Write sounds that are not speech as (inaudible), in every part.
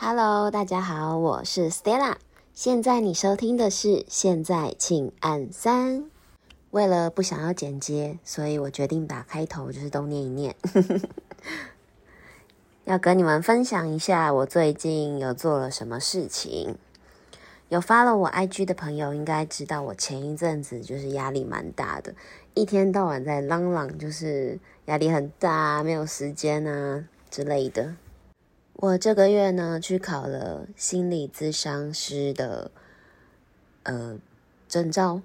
哈嘍，Hello, 大家好，我是 Stella。現在你收聽的是《現在請按三》。為了不想要剪接，所以我決定把開頭就是都念一念。 (laughs) 要跟你們分享一下我最近有做了什麼事情。有 follow 我 IG 的朋友應該知道，我前一陣子就是壓力蠻大的，一天到晚在嚷嚷，就是壓力很大，沒有時間啊之類的。我這個月呢，去考了心理諮商師的呃證照，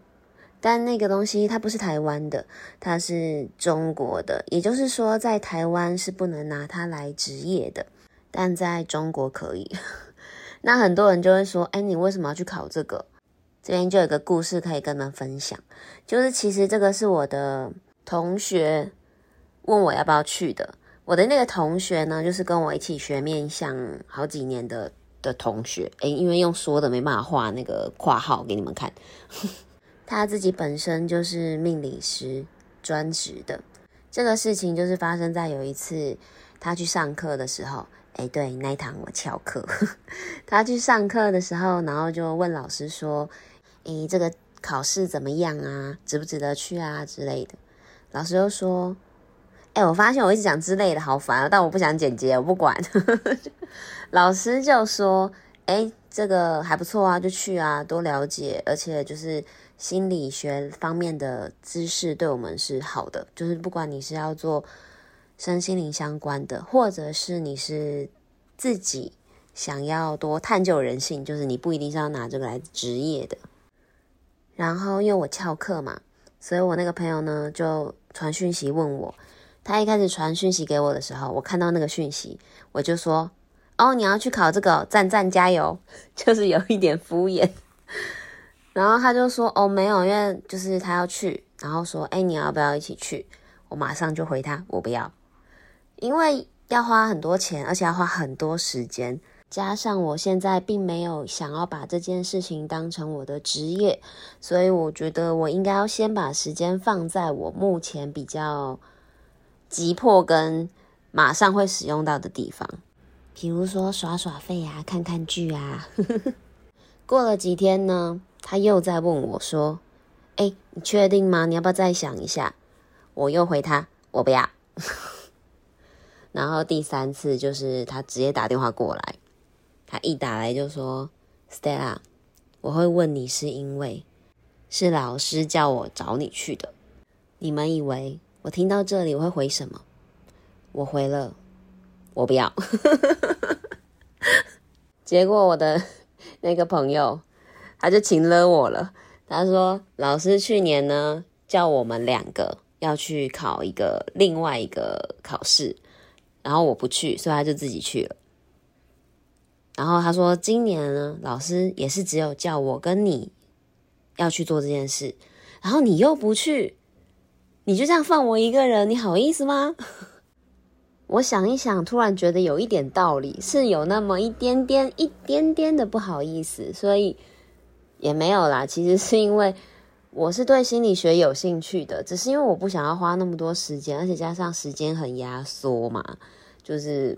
但那個東西它不是台灣的，它是中國的，也就是說在台灣是不能拿它來執業的，但在中國可以。 (laughs) 那很多人就會說，哎，你為什麼要去考這個？這邊就有一個故事可以跟你們分享，就是其實這個是我的同學問我要不要去的。我的那個同學呢，就是跟我一起學面相好幾年的的同學，哎，因為用說的沒辦法畫那個括號給你們看，呵呵，他自己本身就是命理師專職的。這個事情就是發生在有一次他去上課的時候，哎，對，那一堂我翹課呵呵，他去上課的時候，然後就問老師說，咦，這個考試怎麼樣啊？值不值得去啊，之類的。老師又說。哎，我發現我一直講之類的，好煩啊！但我不想剪輯，我不管。 (laughs) 老師就說：“哎，這個還不錯啊，就去啊，多了解。而且就是心理學方面的知識對我們是好的，就是不管你是要做身心靈相關的，或者是你是自己想要多探究人性，就是你不一定是要拿這個來職業的。然後因為我翹課嘛，所以我那個朋友呢就傳訊息問我。”他一開始傳訊息給我的時候，我看到那個訊息，我就說：“哦，你要去考這個，讚讚加油！” (laughs) 就是有一點敷衍。 (laughs) 然後他就說：“哦，沒有，因為就是他要去。”然後說：“哎，你要不要一起去？”我馬上就回他：“我不要，因為要花很多錢，而且要花很多時間，加上我現在並沒有想要把這件事情當成我的職業，所以我覺得我應該要先把時間放在我目前比較。”急迫跟馬上會使用到的地方，比如說耍耍廢啊，看看劇啊。 (laughs) 過了幾天呢，他又在問我說：“哎、欸，你確定嗎？你要不要再想一下？”我又回他：“我不要。 (laughs) ”然後第三次就是他直接打電話過來，他一打來就說：“Stella，我會問你是因為是老師叫我找你去的，你們以為？”我聽到這裡，我會回什麼？我回了，我不要。 (laughs) 結果我的那個朋友他就請了我了。他說：“老師去年呢，叫我們兩個要去考一個另外一個考試，然後我不去，所以他就自己去了。然後他說，今年呢，老師也是只有叫我跟你要去做這件事，然後你又不去。”你就這樣放我一個人，你好意思嗎？ (laughs) 我想一想，突然覺得有一點道理，是有那麼一點點、一點點的不好意思，所以也沒有啦。其實是因為我是對心理學有興趣的，只是因為我不想要花那麼多時間，而且加上時間很壓縮嘛，就是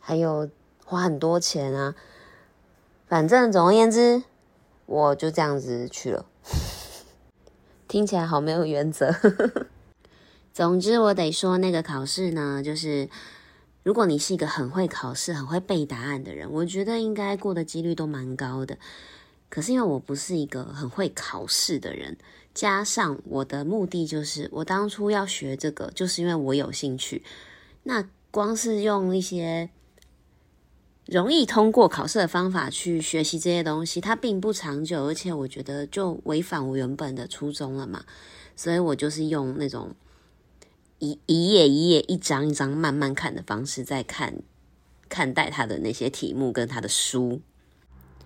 還有花很多錢啊。反正總而言之，我就這樣子去了， (laughs) 聽起來好沒有原則。 (laughs) 總之，我得說，那個考試呢，就是如果你是一個很會考試、很會背答案的人，我覺得應該過的幾率都蠻高的。可是因為我不是一個很會考試的人，加上我的目的就是，我當初要學這個，就是因為我有興趣。那光是用一些容易通過考試的方法去學習這些東西，它並不長久，而且我覺得就違反我原本的初衷了嘛。所以我就是用那種。一頁一頁一頁，一張一張慢慢看的方式，在看看待他的那些題目跟他的書，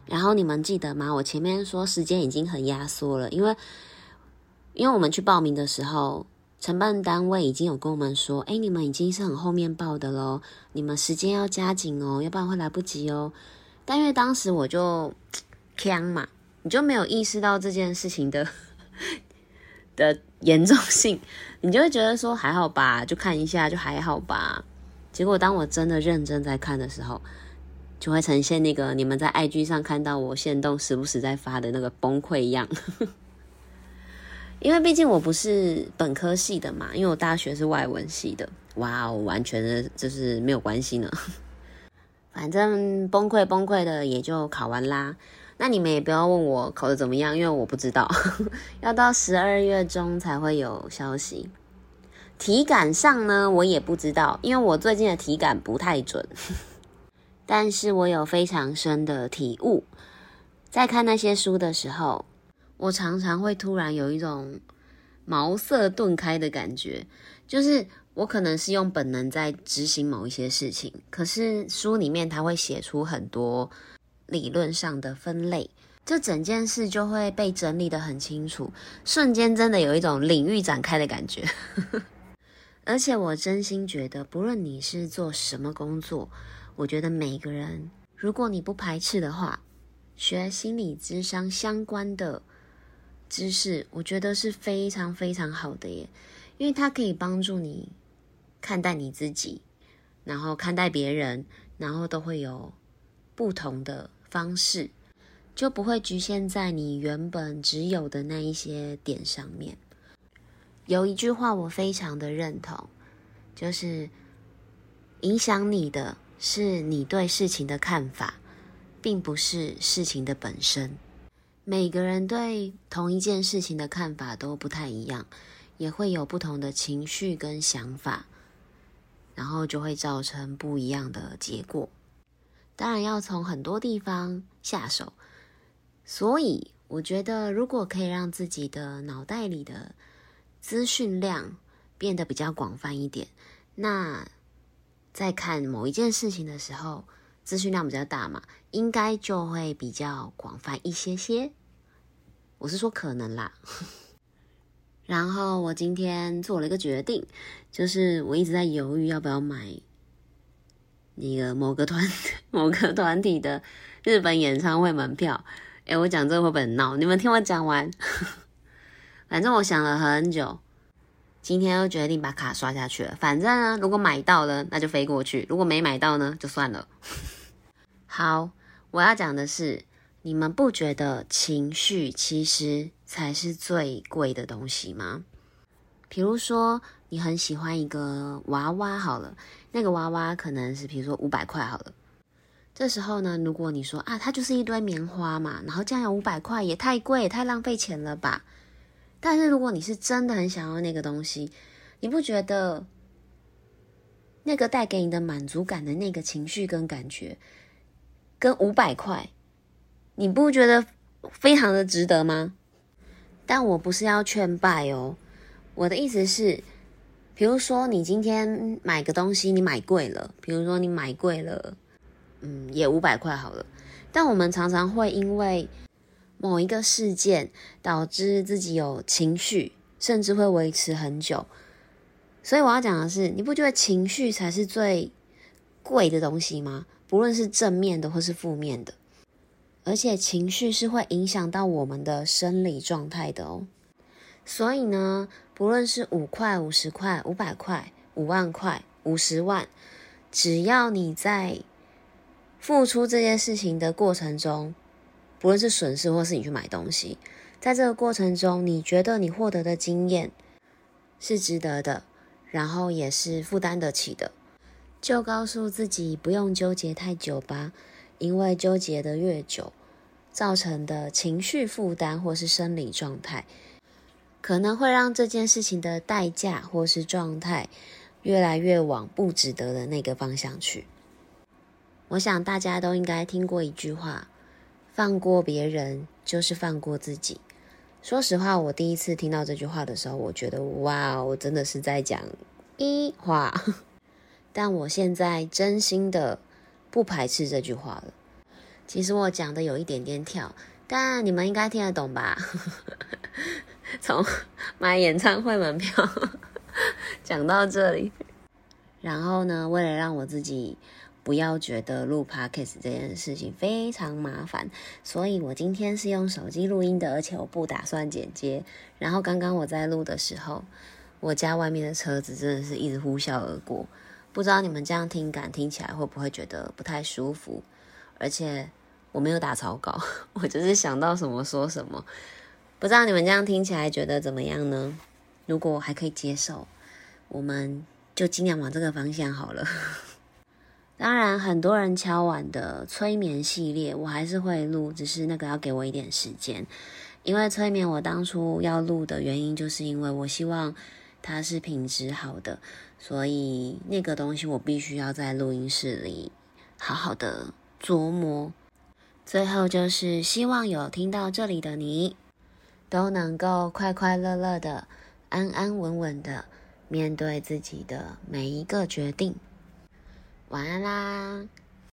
然後你們記得嗎？我前面說時間已經很壓縮了，因為因為我們去報名的時候，承辦單位已經有跟我們說，哎，你們已經是很後面報的嘍，你們時間要加緊哦，要不然會來不及哦。但因為當時我就嗆嘛，你就沒有意識到這件事情的。的嚴重性，你就會覺得說還好吧，就看一下，就還好吧。結果當我真的認真在看的時候，就會呈現那個你們在 IG 上看到我限動時不時在發的那個崩潰樣。 (laughs) 因為畢竟我不是本科系的嘛，因為我大學是外文系的，哇，哦，完全的就是沒有關係呢。反正崩潰崩潰的也就考完啦。那你們也不要問我考得怎麼樣，因為我不知道， (laughs) 要到十二月中才會有消息。體感上呢，我也不知道，因為我最近的體感不太準。 (laughs) 但是我有非常深的體悟，在看那些書的時候，我常常會突然有一種茅塞頓開的感覺，就是我可能是用本能在執行某一些事情，可是書裡面他會寫出很多。理論上的分類，這整件事就會被整理得很清楚，瞬間真的有一種領域展開的感覺。 (laughs) 而且我真心覺得，不論你是做什麼工作，我覺得每個人，如果你不排斥的話，學心理諮商相關的知識，我覺得是非常非常好的耶，因為它可以幫助你看待你自己，然後看待別人，然後都會有不同的。方式就不會局限在你原本只有的那一些點上面。有一句話我非常的認同，就是影響你的是你對事情的看法，並不是事情的本身。每個人對同一件事情的看法都不太一樣，也會有不同的情緒跟想法，然後就會造成不一樣的結果。當然要從很多地方下手，所以我覺得，如果可以讓自己的腦袋裡的資訊量變得比較廣泛一點，那在看某一件事情的時候，資訊量比較大嘛，應該就會比較廣泛一些些。我是說可能啦。然後我今天做了一個決定，就是我一直在猶豫要不要買。一個某個團某個團體的日本演唱會門票。誒，我講這個會不會很鬧？你們聽我講完。 (laughs) 反正我想了很久，今天又決定把卡刷下去了。反正呢、啊，如果買到了，那就飛過去；如果沒買到呢，就算了。 (laughs) 好，我要講的是，你們不覺得情緒其實才是最貴的東西嗎？比如說，你很喜歡一個娃娃，好了，那個娃娃可能是，比如說五百塊好了。這時候呢，如果你說啊，它就是一堆棉花嘛，然後這樣有五百塊也太貴，也太浪費錢了吧？但是如果你是真的很想要那個東西，你不覺得那個帶給你的滿足感的那個情緒跟感覺，跟五百塊，你不覺得非常的值得嗎？但我不是要勸敗哦。我的意思是，比如說你今天買個東西，你買貴了，比如說你買貴了，嗯，也五百塊好了。但我們常常會因為某一個事件導致自己有情緒，甚至會維持很久。所以我要講的是，你不覺得情緒才是最貴的東西嗎？不論是正面的或是負面的，而且情緒是會影響到我們的生理狀態的哦。所以呢，不論是五塊、五十塊、五百塊、五萬塊、五十萬，只要你在付出這件事情的過程中，不論是損失或是你去買東西，在這個過程中，你覺得你獲得的經驗是值得的，然後也是負擔得起的。就告訴自己不用糾結太久吧，因為糾結得越久，造成的情緒負擔或是生理狀態。可能會讓這件事情的代價或是狀態，越來越往不值得的那個方向去。我想大家都應該聽過一句話：“放過別人就是放過自己。”說實話，我第一次聽到這句話的時候，我覺得哇，我真的是在講一話。但我現在真心的不排斥這句話了。其實我講的有一點點跳。但你們應該聽得懂吧？從 (laughs) 買演唱會門票講到這裡，然後呢，為了讓我自己不要覺得錄 Podcast 這件事情非常麻煩，所以我今天是用手機錄音的，而且我不打算剪接。然後剛剛我在錄的時候，我家外面的車子真的是一直呼嘯而過，不知道你們這樣聽感聽起來會不會覺得不太舒服，而且。我沒有打草稿，我就是想到什麼說什麼。不知道你們這樣聽起來覺得怎麼樣呢？如果還可以接受，我們就盡量往這個方向好了。當然，很多人敲碗的催眠系列，我還是會錄，只是那個要給我一點時間，因為催眠我當初要錄的原因，就是因為我希望它是品質好的，所以那個東西我必須要在錄音室裡好好的琢磨。最後就是希望有聽到這裡的你，都能夠快快樂樂的、安安穩穩的面對自己的每一個決定。晚安啦！